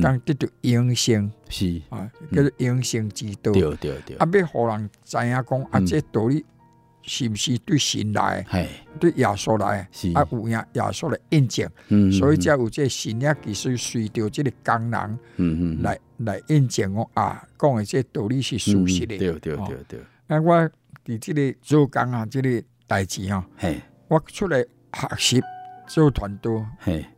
當得到永生，是啊，叫做永生之道。啊，要互人知影講啊，即道理是不是對神來，對耶穌來，啊有影耶穌來印證。所以即有即神也其實隨着即個工人，嗯嗯，來來印證我啊，講嘅即道理是屬實嘅。對對對對，咁我佇這裡做工啊，這裡代志啊，我出來學習做團隊。